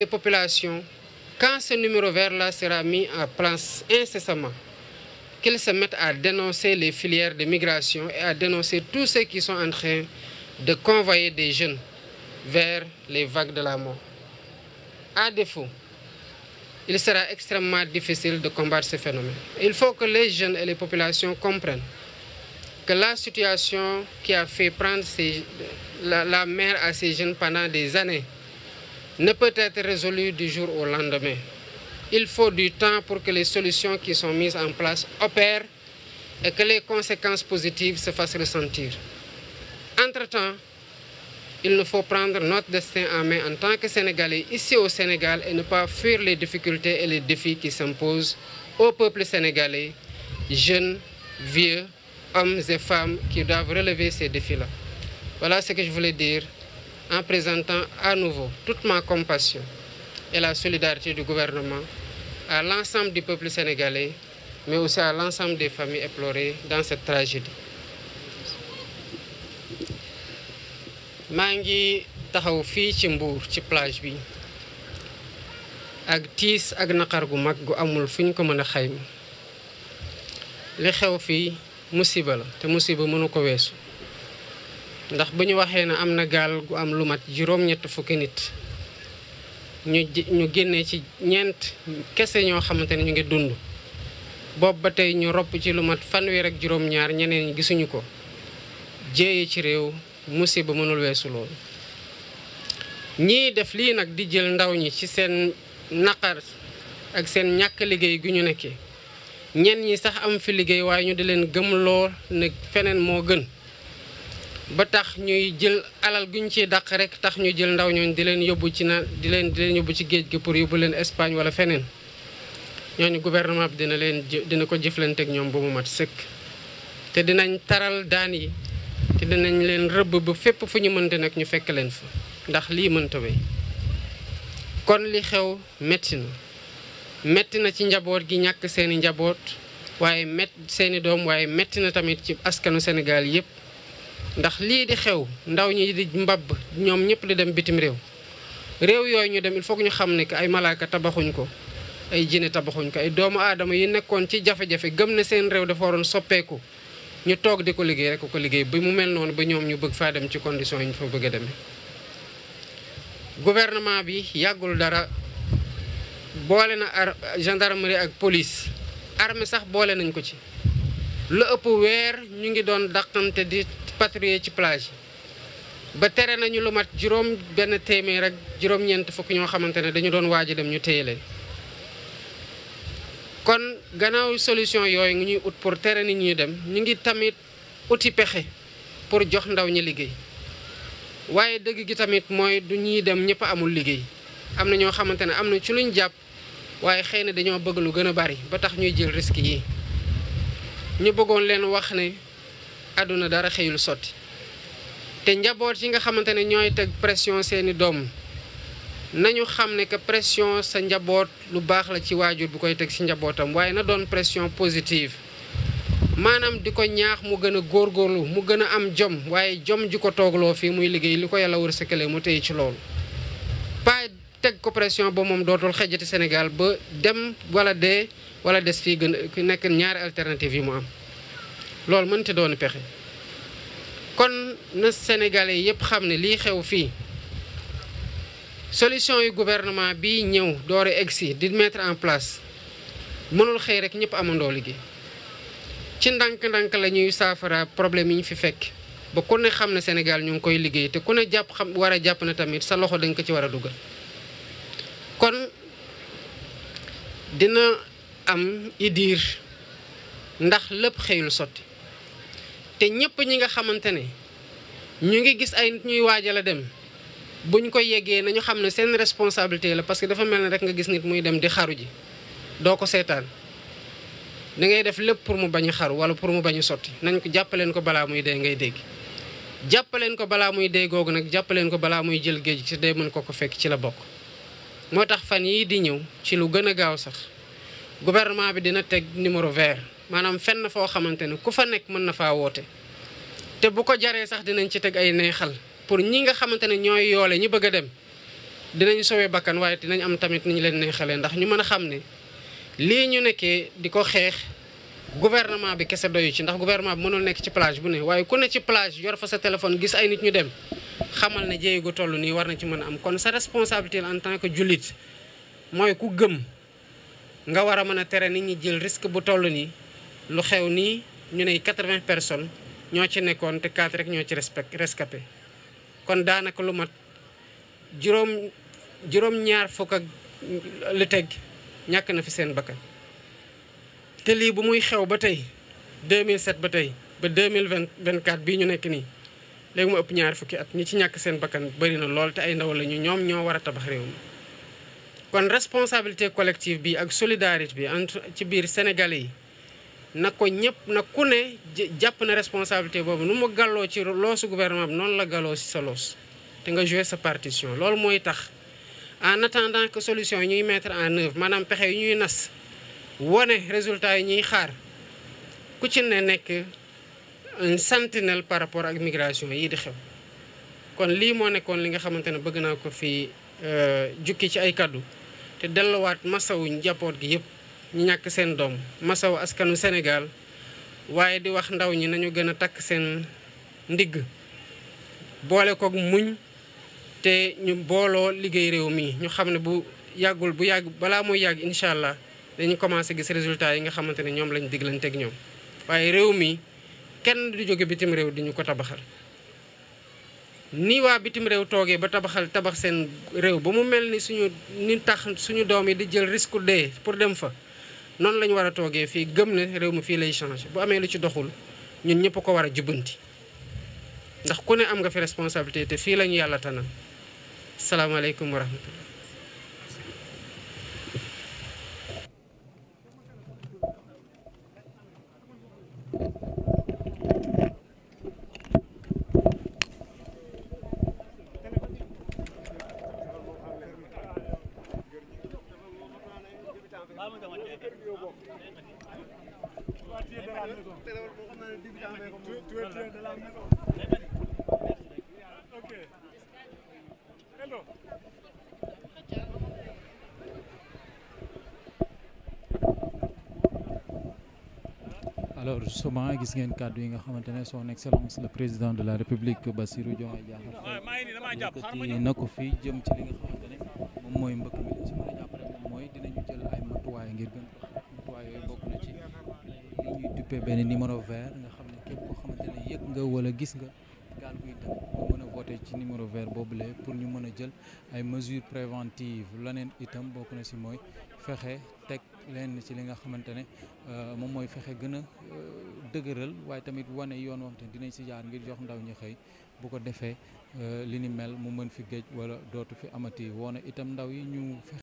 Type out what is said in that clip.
des populations, quand ce numéro vert-là sera mis en place incessamment, qu'ils se mettent à dénoncer les filières de migration et à dénoncer tous ceux qui sont en train de convoyer des jeunes vers les vagues de la mort. À défaut, il sera extrêmement difficile de combattre ce phénomène. Il faut que les jeunes et les populations comprennent que la situation qui a fait prendre la, la mer à ces jeunes pendant des années ne peut être résolue du jour au lendemain. Il faut du temps pour que les solutions qui sont mises en place opèrent et que les conséquences positives se fassent ressentir. Entre-temps, il nous faut prendre notre destin en main en tant que Sénégalais ici au Sénégal et ne pas fuir les difficultés et les défis qui s'imposent au peuple sénégalais, jeunes, vieux, hommes et femmes qui doivent relever ces défis-là. Voilà ce que je voulais dire. en présentant à nouveau toute ma compassion et la solidarité du gouvernement à l'ensemble du peuple sénégalais, mais aussi à l'ensemble des familles éplorées dans cette tragédie. maa ngi taxaw fii ci Mbour ci plage bi ak tiis ak naqar gu mag gu amul fu ñu ko mën a xayma li xew fii musiba la te musiba mënu ko weesu. ndax bu ñu waxee ne am na gaal gu am lu mat juróom-ñett fukki nit ñu ñu génnee ci ñeent kese ñoo xamante ne ñu ngi dund boobu ba tey ñu ropp ci lu mat fanweer ak juróom-ñaar ñeneen gisuñu ko jéeye ci réew musiba mënul weesu loolu ñii def lii nag di jël ndaw ñi ci seen naqar ak seen ñàkk liggéey gi ñu nekkee ñenn ñi sax am fi liggéey waaye ñu di leen lool ne feneen moo gën ba tax ñuy jël alal gu ñu ciy dàq rek tax ñu jël ndaw ñooñu di leen yóbbu ci na di leen di leen yóbbu ci géej gi pour yóbbu leen Espagne wala feneen ñooñu gouvernement bi dina leen dina ko jëflanteeg ñoom ba mu mat sëkk. te dinañ taral daan yi te dinañ leen rëbb ba fépp fu ñu mënte nag ñu fekk leen fa ndax lii mënta bi kon li xew métti na métti na ci njaboot gi ñàkk seeni njaboot waaye mett seeni doom waaye métti na tamit ci askanu Sénégal yépp ndax lii di xew ndaw ñi di mbabb ñoom ñëpp di dem bitim réew réew yooyu ñu dem il faut ñu xam ne que ay malaaka tabaxuñ ko ay jine tabaxuñ ko ay doomu aadama yi nekkoon ci jafe-jafe gëm ne seen réew dafa waroon soppeeku ñu toog di ko liggéey rek ko liggéey bi mu mel noonu ba ñoom ñu bëgg faa dem ci condition yi ñu fa bëgg a demee. bi yàggul dara boole na ar gendarmerie ak police armée sax boole nañ ko ci lu ëpp weer ñu ngi doon daqante di. patrouiller ci plage yi ba tere nañu lu mat juróom benn téeméer ak juróom-ñeent fukk ñoo xamante ne dañu doon waaj dem ñu téye leen kon gannaaw solution yooyu ngi ñuy ut pour tere nit ñuy dem ñu ngi tamit uti pexe pour jox ndaw ñi liggéey waaye dëgg gi tamit mooy du ñuy dem ñëpp amul liggéey am na ñoo xamante ne am na ci luñ jàpp waaye xëy na dañoo bëgg lu gën a bari ba tax ñuy jël risque yi ñu bëggoon leen wax ne àdduna dara xëyul sotti te njaboot yi nga xamante ne ñooy teg pression seeni doom nañu xam ne que pression sa njaboot lu baax la ci waajur bu koy teg si njabootam waaye na doon pression positive maanaam di ko ñaax mu gën a góorlu mu gën a am jom waaye jom ju ko toog loo fii muy liggéey li ko yàlla wërsëgale mu téye ci loolu pas teg ko pression ba moom dootul xejjati Sénégal ba dem wala dee wala des fii gën a nekk ñaari alternative yi mu am loolu mënta doon pexe kon na sénégalais yépp xam ne lii xew fii solution yu gouvernement bi ñëw doore egsi di mettre en place mënul xëy rek ñëpp amandoo liggéey ci ndànk-ndànk la ñuy saafara problème yi ñu fi fekk ba ku ne xam ne Sénégal ñu ngi koy liggéey te ku ne jàpp xam war a jàpp na tamit sa loxo dañ ko ci war a dugal kon dina am idiir ndax lépp xëyul sotti te ñëpp ñi nga xamante ne ñu ngi gis ay nit ñuy waajal a dem buñ ko yeggee nañu xam ne seen responsabilité la parce que dafa mel ne rek nga gis nit muy dem di xaru ji doo ko seetaan dangay def lépp pour mu bañ a xaru wala pour mu bañ sotti nañ ko jàppaleen ko balaa muy dee ngay dégg. jàppaleen ko balaa muy dee googu nag jàppaleen ko balaa muy jël géej ci dee mën ko ko fekk ci la bokk moo tax fan yii di ñëw ci lu gën a gaaw sax gouvernement bi dina teg numéro vert. maanaam fenn foo xamante ne ku fa nekk mën na faa woote te bu ko jaree sax dinañ ci teg ay neexal pour ñi nga xamante ne ñooy yoole ñi bëgg a dem dinañ sowee bakkan waaye dinañ am tamit ni ñu leen neexalee ndax ñu mën a xam ne lii ñu nekkee di ko xeex gouvernement bi kese doyu ci ndax gouvernement bi mënul nekk ci plage bu ne waaye ku ne ci plage yor fa sa téléphone gis ay nit ñu dem xamal ne jéego toll nii war na ci mën a am kon sa responsabilité en que jullit mooy ku gëm nga war a mën a tere nit ñi jël risque bu toll nii. lu xew nii ñu ne 80 personnes ñoo ci nekkoon te 4 rek ñoo ci respect rescapé kon daanaka lu mat juróom juróom-ñaar fukk ak lu teg ñàkk na fi seen bakkan te lii bu muy xew ba tey 2007 ba tey ba 2024 bii ñu nekk nii léegi mu ëpp ñaar fukki at ñi ci ñàkk seen bakkan bëri na lool te ay ndaw la ñu ñoom ñoo war a tabax réew mi kon responsabilité collective bi ak solidarité bi entre ci biir sénégalais yi na ko ñëpp na ku ne jàpp na responsabilité boobu nu mu galloo ci loosu gouvernement bi noonu la galloo ci sa loos te nga joué sa partition loolu mooy tax en attendant que solution yi ñuy mettre en œuvre maanaam pexe yu ñuy nas wane résultat yi ñuy xaar ku ci ne nekk un sentinelle par rapport ak migration yii di xew kon lii moo nekkoon li nga xamante ne bëgg naa ko fi euh, jukki ci ay kaddu te delluwaat masawu njaboot gi yëpp ñu ñàkk seen doom masaw askanu Sénégal waaye di wax ndaw ñi nañu gën a takk seen ndigg boole koog muñ te ñu booloo liggéey réew mii ñu xam ne bu yàggul bu yàgg balaa muy yàgg incha allah dañu commencé gis résultat yi nga xamante ne ñoom lañ diglanteeg ñoom waaye réew mi kenn du jóge bitim réew di ñu ko tabaxal ni waa bitim réew toogee ba tabaxal tabax seen réew ba mu mel ni suñu ni tax suñu doom yi di jël risque dee pour dem fa noonu la ñu war a toogee fii gëm ne réew mi fii lay changé bu amee lu ci doxul ñun ñëpp ko war a jubbanti ndax ku ne am nga fi responsabilité te fii la ñu yàlla tanal salaamaaleykum wa rahmatullah alors justement gis ngeen kàddu yi nga xamante ne nekk excellence le président de la république Bassirou Diomaye Diakhar Faye na ko fii jëm ci li nga xamante moom mooy mbëkk ngir gën ko xam matuwaay yooyu bokk na nga xam ne képp koo xamante ne yëg nga wala gis nga gaal guy dem nga mën ci numéro vert boobule pour ñu mën a jël ay mesures préventives leneen itam bokk na si mooy fexe teg leen ci li nga xamante ne euh, moom mooy fexe gën a euh, dëgëral waaye tamit wane yoon wam te dinañ si jaar ngir jox ndaw ñi xëy bu ko defee euh, li ni mel mu mën fi géej wala dootu fi amati woon itam ndaw yi ñu fexe